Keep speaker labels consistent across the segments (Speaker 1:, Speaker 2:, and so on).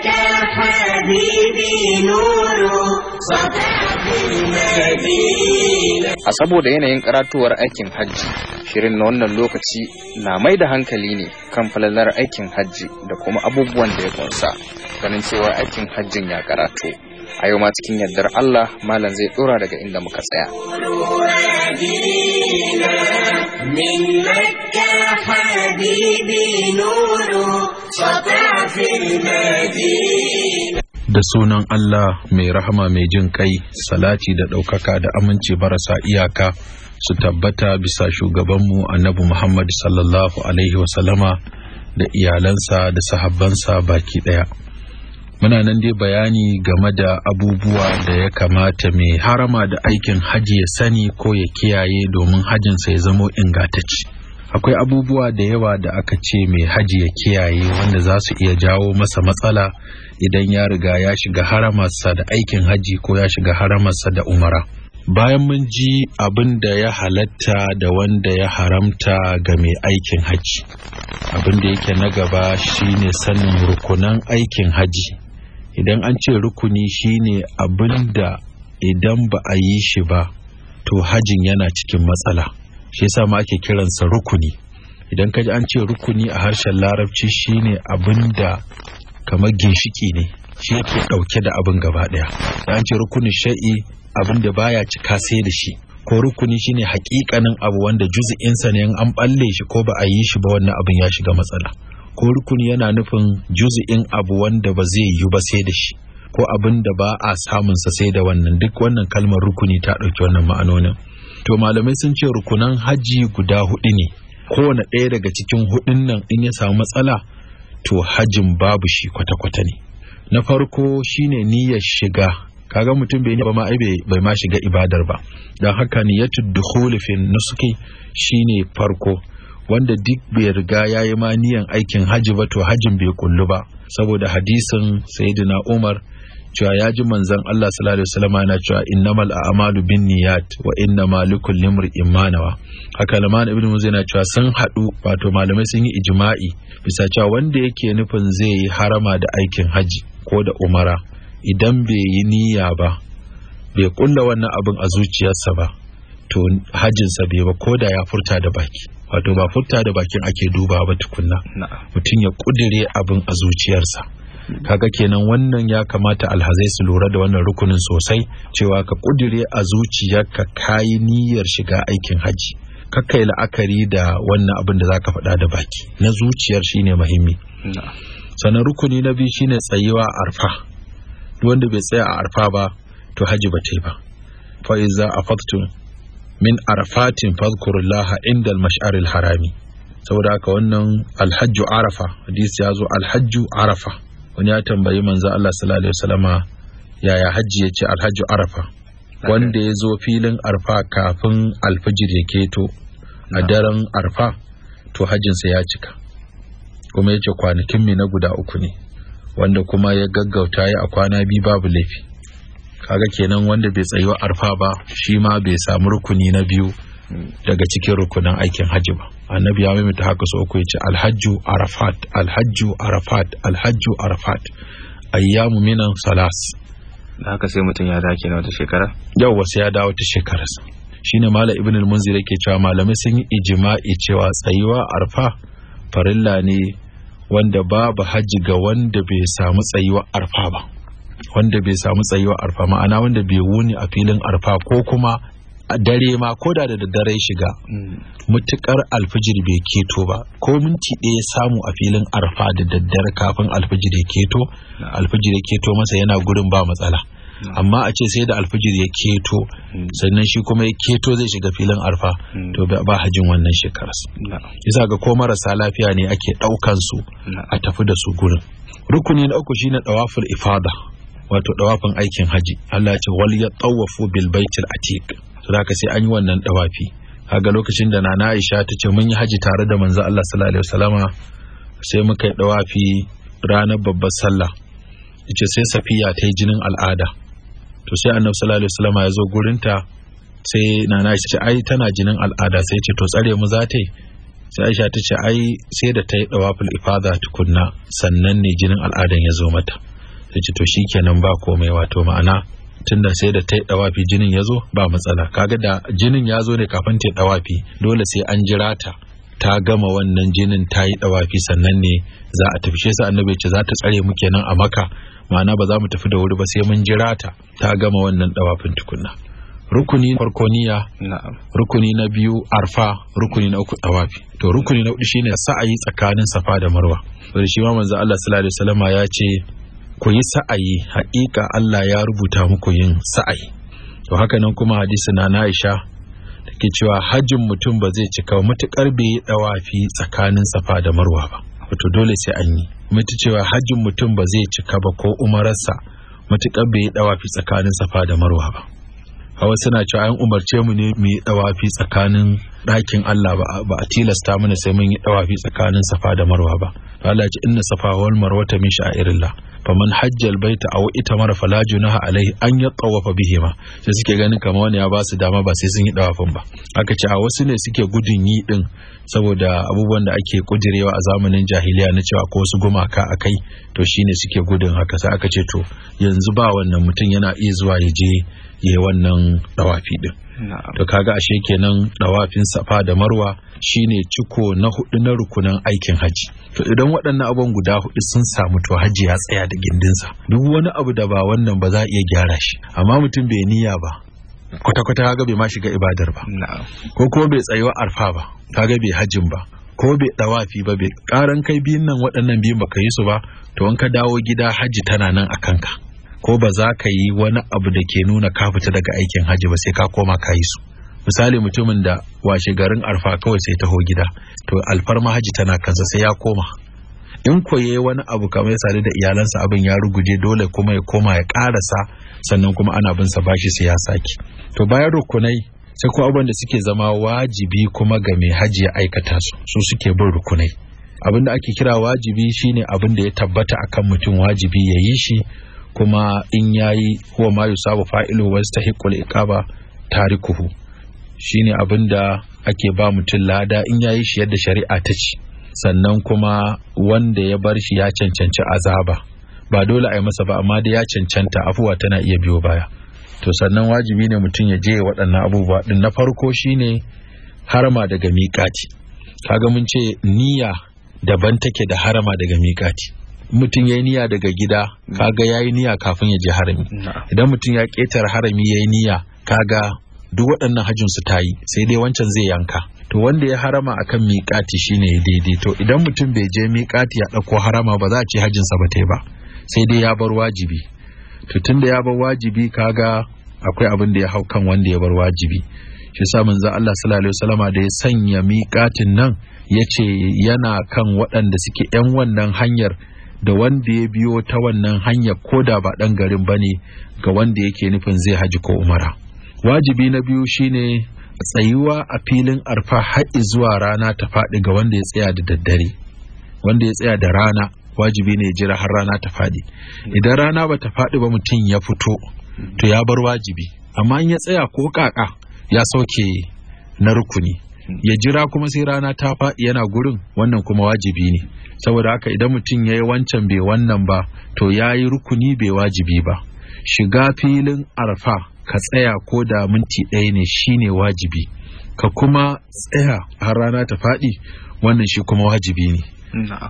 Speaker 1: A saboda yanayin karatuwar aikin hajji, shirin na wannan lokaci na mai da hankali ne kan falalar aikin hajji da kuma abubuwan da ya kunsa, ganin cewa aikin hajjin ya karatu. a yau ma cikin yardar Allah malam zai dora daga inda muka tsaya da sunan Allah mai rahama mai jin kai salati da ɗaukaka da aminci barasa iyaka su tabbata bisa shugabanmu annabi Muhammad sallallahu alaihi wasallama da iyalansa da sahabbansa baki ɗaya. muna nan dai bayani game da abubuwa da ya kamata mai harama da aikin hajji ya sani ko ya kiyaye domin hajjinsa ya zamo ingataci akwai abubuwa da yawa da aka ce mai haji ya kiyaye wanda za su iya jawo masa matsala idan ya riga ya shiga haramarsa da aikin haji ko ya shiga haramarsa da umara bayan mun ji abin da ya halatta da wanda ya haramta ga mai aikin haji abin da yake na gaba shine sanin rukunan aikin haji idan an ce rukuni shine abin da idan ba a yi shi ba to hajin yana cikin matsala shi yasa ma ake kiransa rukuni idan ka ji an ce rukuni a harshen larabci shine abin da kamar ginshiki ne shi yake ɗauke da abin gaba daya an ce rukunin sha'i abin da baya cika sai da shi ko rukuni shine hakikanin abu wanda juzu'insa ne an balle shi ko ba a yi shi ba wannan abin ya shiga matsala ko rukuni yana nufin juzi'in abu wanda ba zai yi ba sai da shi ko abin da ba a samunsa sai da wannan duk wannan kalmar rukuni ta ɗauki wannan ma'anonin to malamai sun ce rukunan haji guda hudu ne kowane ɗaya daga cikin hudun nan in ya samu matsala to hajin babu shi kwata-kwata ne na farko shine niyyar shiga kaga mutum bai ba ma ai bai ma shiga ibadar ba Dan haka niyyatud dukhul fi nusuki shine farko wanda duk bai riga ya yi maniyan aikin haji ba to hajin bai kullu ba saboda hadisin sayyidina umar cewa ya ji manzon Allah sallallahu alaihi wasallam yana cewa innamal a'malu binniyat wa innama likulli imrin ma nawa haka Laman ibn Muzin yana cewa sun hadu wato malamai sun yi ijma'i bisa cewa wanda yake nufin zai yi harama da aikin haji ko da umara idan bai yi niyya ba bai kulla wannan abin a zuciyarsa ba to hajjinsa bai ba ko da ya furta da baki wato ba furta da bakin ake duba ba tukunna mutum ya kudire abin a zuciyarsa kaga kenan wannan ya kamata alhazai su lura da wannan rukunin sosai cewa ka kudire a zuciyarka kayi niyyar shiga aikin haji kakkai la'akari da wannan abin da zaka faɗa da baki na zuciyar shine muhimmi sana'n rukuni na biyu shine tsayuwa arfa duk wanda bai tsaya a arfa ba to haji ba ta yi ba fa iza afattum min arfatin fadhkurullaha inda al-mash'aril harami saboda haka wannan alhajju arafa hadisi ya zo alhajju arafa wani ya tambayi manzo Allah sallallahu alaihi wasallama yaya hajji yace alhajju arafa wanda ya zo filin arfa kafin alfajir ya keto a daren arfa to hajjinsa ya cika kuma yace kwanakin mi na guda uku ne wanda kuma ya gaggauta ya a kwana biyu babu laifi kaga kenan wanda bai tsayi arfa ba shi ma bai samu rukuni na biyu daga cikin rukunin aikin hajji ba annabi ya maimaita haka so uku yace alhajju arafat alhajju arafat alhajju arafat ayyamu minan salas da haka sai mutum ya dawo kenan wata shekara yau wasu ya dawo wata shekara shine malam ibn al-munzir yake cewa malamai sun yi ijma'i cewa tsayuwa arfa farilla ne wanda babu hajji ga wanda bai samu tsayuwa arfa ba wanda bai samu tsayuwa arfa ma'ana wanda bai wuni a filin arfa ko kuma a dare ma ko da da dare shiga mutukar mm. alfijir bai keto ba ko minti ɗaya samu a filin arfa da daddare kafin alfijir ya keto alfijir ya keto masa yana gurin ba matsala amma a ce sai da alfijir ya keto mm. sannan shi kuma ya keto zai shiga filin arfa mm. to ba hajin wannan shekaras isa ga ko marasa lafiya ne ake ɗaukan su a tafi da su gurin rukuni na uku shine ɗawafin ifada wato dawafin aikin haji Allah ya ce wal tawafu bil baitil atiq to ka sai an yi wannan dawafi kaga lokacin da nana Aisha ta ce mun yi haji tare da manzo Allah sallallahu alaihi wasallama sai muka yi dawafi ranar babbar sallah yace sai Safiya ta yi jinin al'ada to sai Annabi sallallahu alaihi wasallama ya zo gurinta sai nana Aisha ce ai tana jinin al'ada sai ce to tsare mu za ta yi sai Aisha ta ce ai sai da ta yi dawaful ifada tukunna sannan ne jinin al'adan ya zo mata ya ce to shi kenan ba komai wato ma'ana tunda sai da ta yi dawafi jinin ya zo ba matsala kaga da jinin ya zo ne kafin ta yi dawafi dole sai an jira ta ta gama wannan jinin ta yi dawafi sannan ne za a tafi shi annabi ce za ta tsare mu kenan a maka ma'ana ba za mu tafi da wuri ba sai mun jira ta ta gama wannan dawafin tukunna rukuni farko niyya rukuni na biyu arfa rukuni na uku dawafi to rukuni na hudu shine sa'ayi tsakanin safa da marwa to shi ma manzo Allah sallallahu alaihi wasallama ya ce ku yi sa'ayi haƙiƙa Allah ya rubuta muku yin sa'ayi to haka nan kuma hadisi na Aisha take cewa hajjin mutum ba zai cika mutukar bai dawafi tsakanin Safa da Marwa ba wato dole sai an yi mutu cewa hajjin mutum ba zai cika ba ko umararsa matukar bai dawafi tsakanin Safa da Marwa ba hawa suna cewa an umarce mu ne mu yi dawafi tsakanin ɗakin Allah ba a tilasta mana sai mun yi dawafi tsakanin Safa da Marwa ba Allah ya ce inna Safa wal marwata a min sha'irillah faman hajjal baita aw mara falaju na alaihi an tsawafa bihima sai suke ganin kamar wani ya ba su dama ba sai sun yi dawafin ba aka ce a wasu ne suke gudun yi din saboda abubuwan da ake kudirewa a zamanin jahiliya na cewa ko su gumaka kai to shine suke gudun haka sai aka ce to yanzu ba wannan mutum yana iya zuwa ya je ya wannan dawafi din to kaga ashe kenan dawafin safa da marwa shine ciko na hudu na rukunan aikin haji to idan waɗannan abin guda hudu sun samu to haji ya tsaya da gindinsa duk wani abu da ba wannan ba za a iya gyara shi amma mutum bai niyya ba kwata-kwata kaga bai ma shiga ibadar ba ko kuma bai wa arfa ba kaga bai hajjin ba ko bai dawafi ba bai karan kai biyun nan waɗannan biyun baka yi su ba to in ka dawo gida haji tana nan a kanka ko ba za ka yi wani abu da ke nuna ka fita daga aikin hajji ba sai ka koma ka yi su misali mutumin da washe garin alfa kawai sai taho gida to alfarma mahaji tana kansa sai ya koma in koye wani abu kamar ya sadu da iyalansa abin ya ruguje dole kuma ya koma ya karasa sannan kuma ana bin sa bashi sai ya saki to bayan rukunai sai kuma abin da suke zama wajibi kuma ga mai hajji ya aikata su su suke bin rukunai abin da ake kira wajibi shine abin da ya tabbata akan mutum wajibi ya yi shi kuma in yayi huwa ma yusabu fa'ilu wa al iqaba tarikuhu shine abinda da ake ba mutum lada in yayi shi yadda shari'a ta ce sannan kuma wanda ya bar shi ya cancanci azaba ba dole a yi masa ba amma da ya cancanta afuwa tana iya biyo baya to sannan wajibi ne mutum ya je waɗannan abubuwa din na farko shine harama daga miƙati kaga mun ce niyya daban take da harama daga miƙati mutum ya yi daga gida kaga ya yi niya kafin ya je harami idan mutum ya ƙetare harami ya yi niya kaga duk waɗannan hajjin su ta yi sai dai wancan zai yanka to wanda ya harama akan miƙati shine ya daidai to idan mutum bai je miƙati ya ɗauko harama ba za a ce hajjin ba ta ba sai dai ya bar wajibi to tunda ya bar wajibi kaga akwai abin da ya hau kan wanda ya bar wajibi shi samun manzo Allah sallallahu alaihi wasallama da ya sanya miƙatin nan yace yana kan waɗanda suke yan wannan hanyar da wanda ya biyo ta wannan hanya ko da ba ɗan garin ba ne ga wanda yake nufin zai haji ko umara wajibi na biyu shine tsayuwa a filin arfa haɗi zuwa rana ta faɗi ga wanda ya tsaya da daddare wanda ya tsaya da rana wajibi ne jira har rana ta faɗi idan rana ba ta faɗi ba mutum ya fito to ya bar wajibi amma in ya tsaya ko kaka ya sauke na rukuni ya jira kuma sai rana ta faɗi yana gurin wannan kuma wajibi ne saboda haka idan mutum ya yi wancan bai wannan ba to ya yi rukuni bai wajibi ba shiga filin arfa ka tsaya ko da minti ɗaya ne shine wajibi ka kuma tsaya har rana ta faɗi wannan shi kuma wajibi ne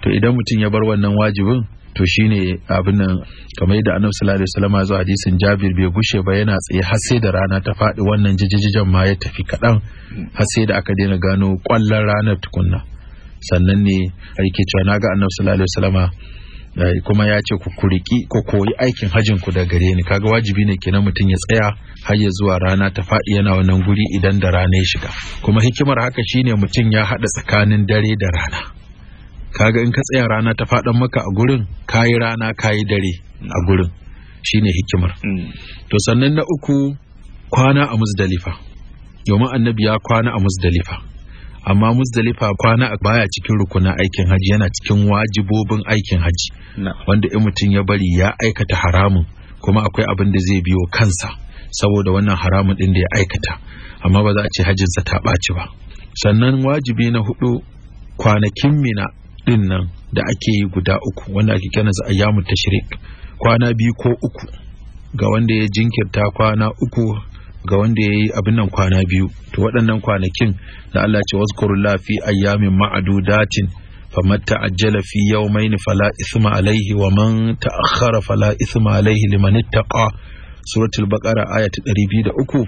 Speaker 1: to idan mutum ya bar wannan wajibin to shine abin nan kamar yadda annabi sallallahu alaihi wasallam zuwa hadisin Jabir bai gushe ba yana tsaye har sai da rana ta faɗi wannan jijijijan ma ya tafi kaɗan har sai da aka daina gano ƙwallon ranar tukunna sannan ne yake cewa na ga annabi sallallahu alaihi wasallama eh, kuma ya ce ku kuriki ko koyi aikin hajin ku da gare ni kaga wajibi ne kenan mutum ya tsaya har ya zuwa rana ta faɗi yana wannan guri idan da rana ya shiga kuma hikimar haka shine mutum ya haɗa tsakanin dare da rana kaga in ka tsaya rana ta faɗan maka a gurin kayi rana kayi dare a gurin shine hikimar mm. to sannan na uku kwana a muzdalifa domin annabi ya kwana a muzdalifa amma muzdalifa kwana baya cikin rukunin aikin haji yana cikin wajibobin aikin haji wanda in mutum ya bari ya aikata haramun kuma akwai abin da zai biyo kansa saboda wannan haramun din da ya aikata amma ba za a ce hajjinsa ta ɓaci ba sannan wajibi na hudu kwanakin mina din nan da ake yi guda uku wanda ake kira za ayyamu tashrik kwana biyu ko uku ga wanda ya jinkirta kwana uku ga wanda ya yi abin nan kwana biyu to waɗannan kwanakin da Allah ce wazkurullah fi ayyamin ma'adudatin matta ajjala fi yawmayn fala isma alayhi wa man ta'akhkhara fala isma alayhi liman ittaqa suratul baqara aya ta 203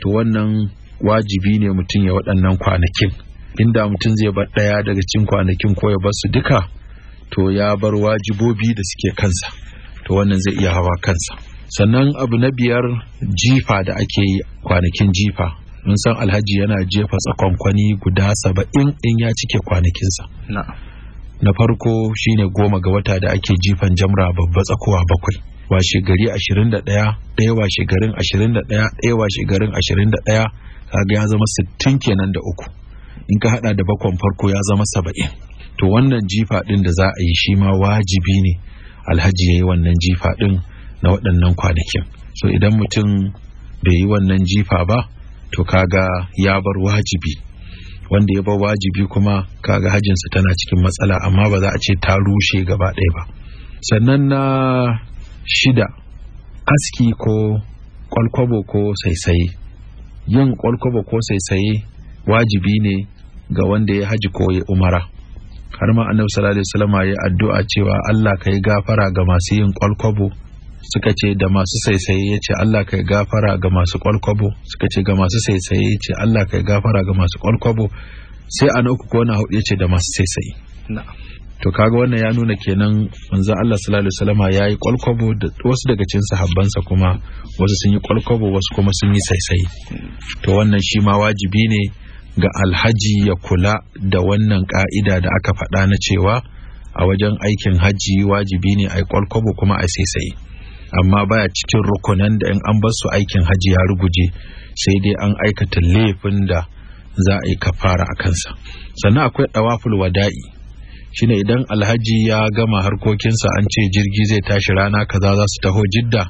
Speaker 1: to wannan wajibi ne mutum ya waɗannan kwanakin inda mutum zai bar ɗaya daga cikin kwanakin ko ya bar su duka to ya bar wajibobi da suke kansa to wannan zai iya hawa kansa sannan abu na biyar jifa da ake yi kwanakin jifa mun san alhaji yana jefa tsakonkwani guda saba'in in ya cike kwanakinsa na farko shine goma ga wata da ake jifan jamra babba tsakowa bakwai washe gari 21 ɗaya washe garin 21 ɗaya washe garin 21 kaga ya zama 60 kenan da uku in ka hada da bakon farko ya zama saba'in. to wannan jifa din da za a yi shi ma wajibi ne alhaji ya yi wannan jifa din na waɗannan kwanakin so idan mutum bai yi wannan jifa ba to kaga ya bar wajibi wanda ya bar wajibi kuma kaga hajjinsa tana cikin matsala amma ba za a ce ta rushe gaba ɗaya ba sannan na shida aski ko kwalkwabo ko saisaye yin kwalkwabo ko saisaye wajibi ne ga wanda ya haji ko ya umara har ma annabi sallallahu alaihi wasallam ya addu'a cewa Allah kai gafara ga masu yin kwalkwabo suka ce da masu saisaye ya ce Allah kai gafara ga masu kwalkwabo suka ce ga masu saisaye ya ce Allah kai gafara ga masu kwalkwabo sai a uku ko na hudu ya ce da masu saisaye to kaga wannan ya nuna kenan manzon Allah sallallahu alaihi wasallama yayi kwalkwabo da wasu daga cikin sahabbansa kuma wasu sun yi kwalkwabo wasu kuma sun yi saisaye to wannan shi ma wajibi ne ga alhaji ya kula da wannan ka'ida da aka faɗa na cewa a wajen aikin hajji wajibi ne a yi kwalkwabo kuma a saisaye. amma baya cikin rukunan da in an bar su aikin hajji ya ruguje sai dai an aikata laifin da za a yi kafara a kansa sannan akwai dawaful wada'i shine idan alhaji ya gama harkokinsa an ce jirgi zai tashi rana kaza za su taho jidda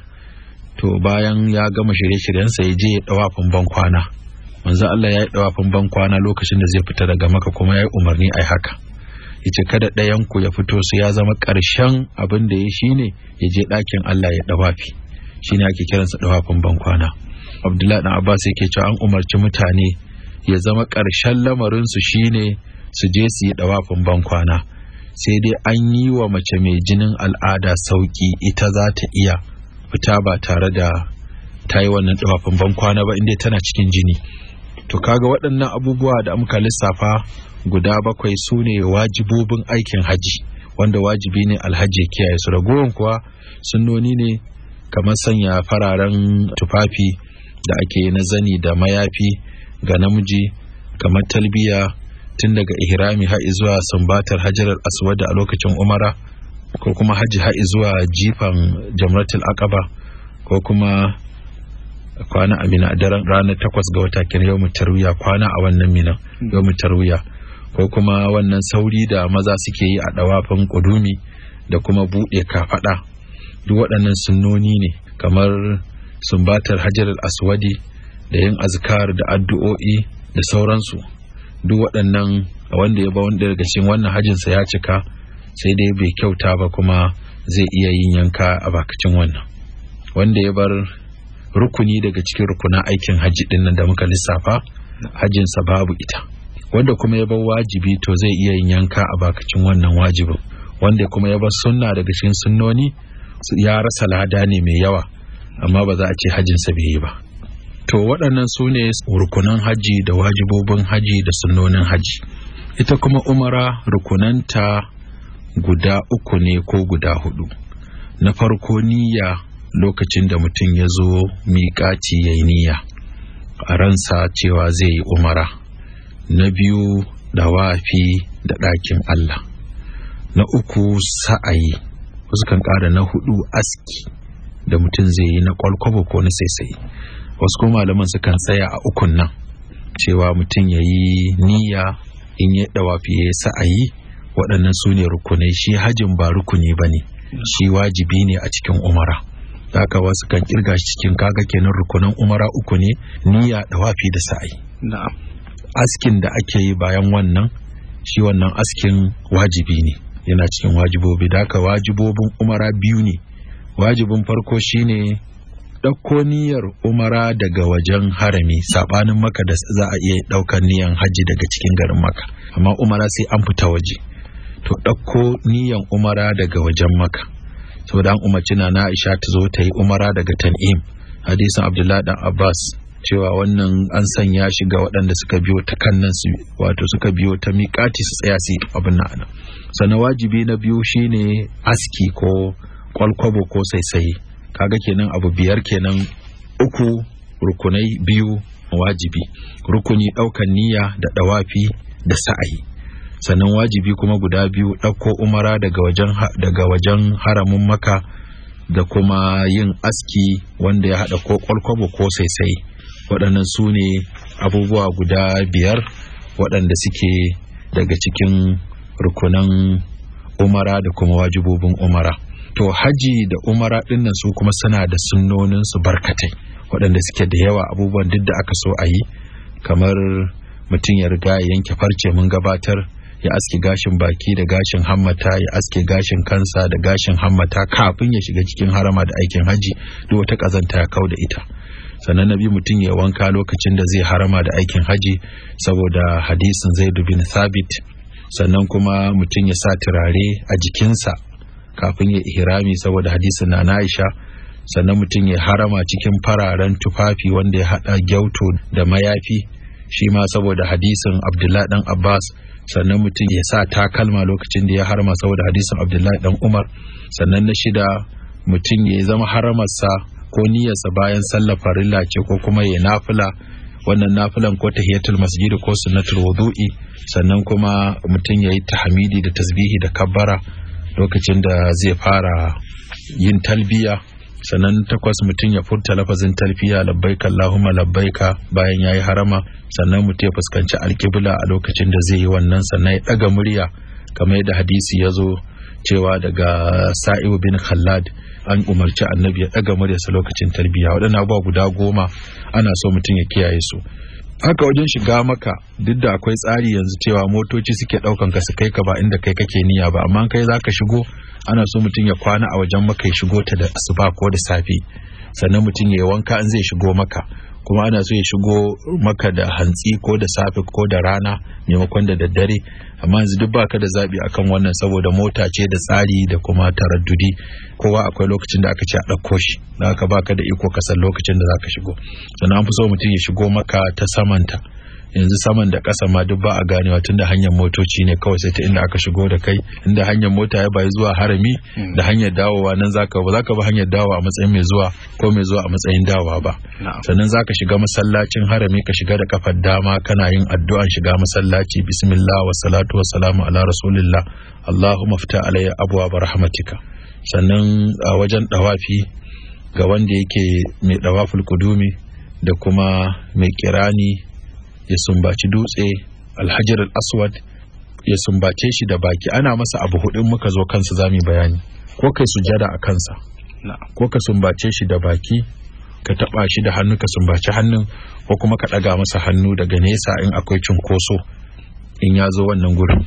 Speaker 1: to bayan ya gama shirye-shiryensa ya je ya dawafin bankwana manzo Allah ya yi dawafin bankwana lokacin da zai fita daga maka kuma ya yi umarni a haka yace kada ɗayan ku ya fito su ya zama ƙarshen abin da ya shine ya je ɗakin Allah ya dawafi shine ake kiransa dawafin bankwana Abdullahi dan Abbas yake cewa an umarci mutane ya zama ƙarshen lamarin su shine su je su yi dawafin bankwana sai dai an yi wa mace mai jinin al'ada sauƙi ita za ta iya fita ba tare da ta yi wannan dawafin bankwana ba inda tana cikin jini to kaga waɗannan abubuwa da muka lissafa guda bakwai su ne wajibobin aikin haji wanda wajibi ne alhaji ya kiyaye su ragowar kuwa sunnoni ne kamar sanya fararen tufafi da ake na zani da mayafi ga namiji kamar talbiya tun daga ihrami har zuwa sambatar hajarar aswad a lokacin umara ko kuma haji har zuwa jifan jamratul aqaba ko kuma kwana a mina daren ranar takwas ga wata kenan yau tarwiya kwana a wannan mina yau tarwiya ko kuma wannan sauri da maza suke yi a dawafin kudumi da kuma buɗe kafaɗa duk waɗannan sunnoni ne kamar sumbatar hajar aswadi da yin azkar da addu'o'i da sauransu duk waɗannan wanda ya ba wanda daga cikin wannan sa ya cika sai dai bai kyauta ba kuma zai iya yin yanka a bakacin wannan wanda ya bar rukuni daga cikin rukunan aikin hajji ɗin nan da muka lissafa sa babu ita wanda kuma ya bar wajibi to zai iya yin yanka a bakacin wannan wajibin wanda kuma ya bar sunna daga cikin sunnoni ya rasa lada ne mai yawa amma ba za a ce sa bai yi ba to waɗannan su ne rukunan haji da wajibobin haji da sunnonin haji ita kuma umara rukunanta guda uku ne ko guda hudu na farko niyya lokacin da mutum ya zo miƙaci ya yi niyya a ransa cewa zai yi umara na biyu dawafi da ɗakin Allah na uku sa'ayi wasu kan ƙara na hudu aski da mutum zai yi na kwalkwabo ko na saisayi wasu kuma malaman kan tsaya a ukun nan cewa mutum ya yi niyya in ya dawafi ya yi sa'ayi waɗannan su ne rukunai shi hajin ba rukuni ba ne shi wajibi ne a cikin umara haka wasu kan kirga shi cikin kaga kenan rukunan umara uku ne niyya dawafi da sa'ayi askin da ake yi bayan wannan shi wannan askin wajibi ne yana cikin wajibobi da haka wajibobin umara biyu ne wajibin farko shine ɗauko niyyar umara daga wajen harami saɓanin maka da za a iya ɗaukar niyan hajji daga cikin garin maka amma umara sai an fita waje to ɗauko niyan umara daga wajen maka saboda an umarci na Aisha ta zo ta yi umara daga Tan'im hadisin Abdullahi dan Abbas cewa wannan an sanya shi ga waɗanda suka biyo ta kannan su wato suka biyo ta miƙati su tsaya su abin na sannan wajibi na biyu shine aski ko kwalkwabo ko saisaye kaga kenan abu biyar kenan uku rukunai biyu wajibi rukuni ɗaukan niyya da ɗawafi da sa'ayi sannan wajibi kuma guda biyu ɗauko umara daga wajen daga wajen haramin maka da kuma yin aski wanda ya haɗa ko kwalkwabo ko saisaye waɗannan su ne abubuwa guda biyar waɗanda suke daga cikin rukunan umara da kuma wajibobin umara to haji da umara ɗinnan su kuma suna da sunnoninsu barkatai waɗanda suke da yawa abubuwan duk da aka so a yi kamar mutum ya riga ya yanke farce mun gabatar ya aske gashin baki da gashin hammata ya aske gashin kansa da gashin hammata kafin ya shiga cikin harama da aikin haji duk wata kazanta ya kau da ita sannan na bi mutum ya wanka lokacin da zai harama da aikin haji saboda hadisin dubi na sabit sannan kuma mutum ya sa turare a jikinsa kafin ya ihrami saboda hadisin na na'isha sannan mutum ya harama cikin fararen tufafi wanda ya hada gyauto da mayafi shi ma saboda hadisin Abdullahi dan Abbas sannan mutum ya sa takalma lokacin da ya harama saboda hadisin Abdullahi dan Umar sannan na shida mutum ya zama haramarsa ko niyyarsa bayan sallar farilla ce ko kuma ya nafila wannan nafilan ko tahiyatul masjid ko sunnatul wudu'i sannan kuma mutum yayi tahmidi da tasbihi da kabbara lokacin da zai fara yin talbiya sannan takwas mutum ya furta lafazin talbiya labbaika allahumma labbaika bayan yayi harama sannan mutum ya fuskanci alkibla a lokacin da zai yi wannan sannan ya ɗaga murya kamar yadda hadisi ya zo cewa daga sa'ibu bin khallad an umarci annabi ya ɗaga muryarsa lokacin tarbiyya waɗannan ba guda goma ana so mutum ya kiyaye su haka wajen shiga maka duk da akwai tsari yanzu cewa motoci suke ɗaukan ka su kai ka ba inda kai kake niyya ba amma kai za ka shigo ana so mutum ya kwana a wajen maka ya shigo ta da asuba ko da safe sannan mutum ya yi wanka in zai shigo maka kuma ana so ya shigo maka da hantsi ko da safe ko da rana maimakon da daddare amma yanzu duk baka da zabi akan wannan saboda mota ce da tsari da kuma taraddudi kowa akwai lokacin da aka ce a ɗauko shi da aka baka da iko kasan lokacin da zaka shigo sannan an fi so mutum ya shigo maka ta samanta yanzu saman da ƙasa ma duk ba a ganewa tunda hanyar motoci ne kawai sai ta inda aka shigo da kai inda hanyar mota ya bayi zuwa harami hmm. da hanyar dawowa nan zaka ba zaka ba hanyar dawowa a matsayin mai zuwa ko mai zuwa a matsayin dawowa ba sannan zaka shiga masallacin harami ka shiga da kafar dama kana yin addu'an shiga masallaci bismillah wa salatu wa salamu ala rasulillah allahumma fita alayya abwa rahmatika sannan a wajen dawafi ga wanda yake mai dawaful kudumi da kuma mai kirani ya sumbaci dutse alhajar aswad ya sumbace shi da baki ana masa abu hudun muka zo kansa zami bayani ko kai sujada a kansa ko ka sumbace shi da baki ka taba shi da hannu ka sumbaci hannun ko kuma ka daga masa hannu daga nesa in akwai cunkoso in ya zo wannan gurin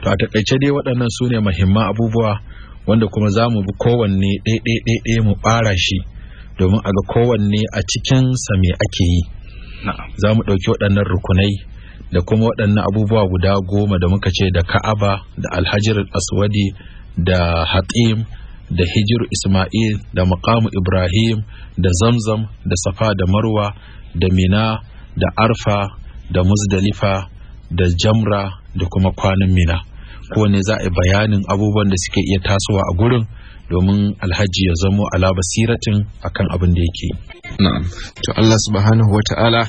Speaker 1: to a takaice dai waɗannan su ne muhimman abubuwa wanda kuma za mu bi kowanne ɗaiɗaiɗaiɗai mu ɓara shi domin a ga kowanne a cikin sa me ake yi za mu ɗauki waɗannan rukunai da kuma waɗannan abubuwa guda goma da muka ce da ka'aba da alhajar aswadi da hatim da hijiru isma'il da makamu ibrahim da zamzam da safa da marwa da mina da arfa da muzdalifa da jamra da kuma kwanan mina kowane za a bayanin abubuwan da suke iya tasowa a gurin domin alhaji ya zamo ala basiratin akan abin da yake na'am to Allah subhanahu wata'ala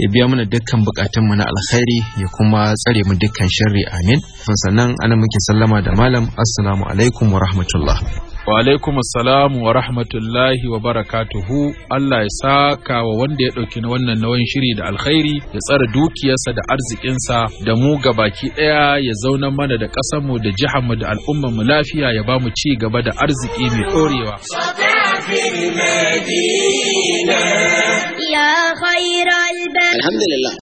Speaker 1: ya biya mana dukkan bukatun mu na alkhairi ya kuma tsare mu dukkan sharri amin sannan ana muke sallama da malam assalamu alaikum wa rahmatullah wa alaikum assalam wa rahmatullahi wa barakatuhu Allah ya saka wa wanda ya ɗauki wannan nawan shiri da alkhairi ya tsara dukiyarsa da arzikinsa da mu gabaki ɗaya ya zauna mana da ƙasarmu da mu da al'ummarmu lafiya ya ba mu ci gaba da arziki mai ɗorewa. Alhamdulillah.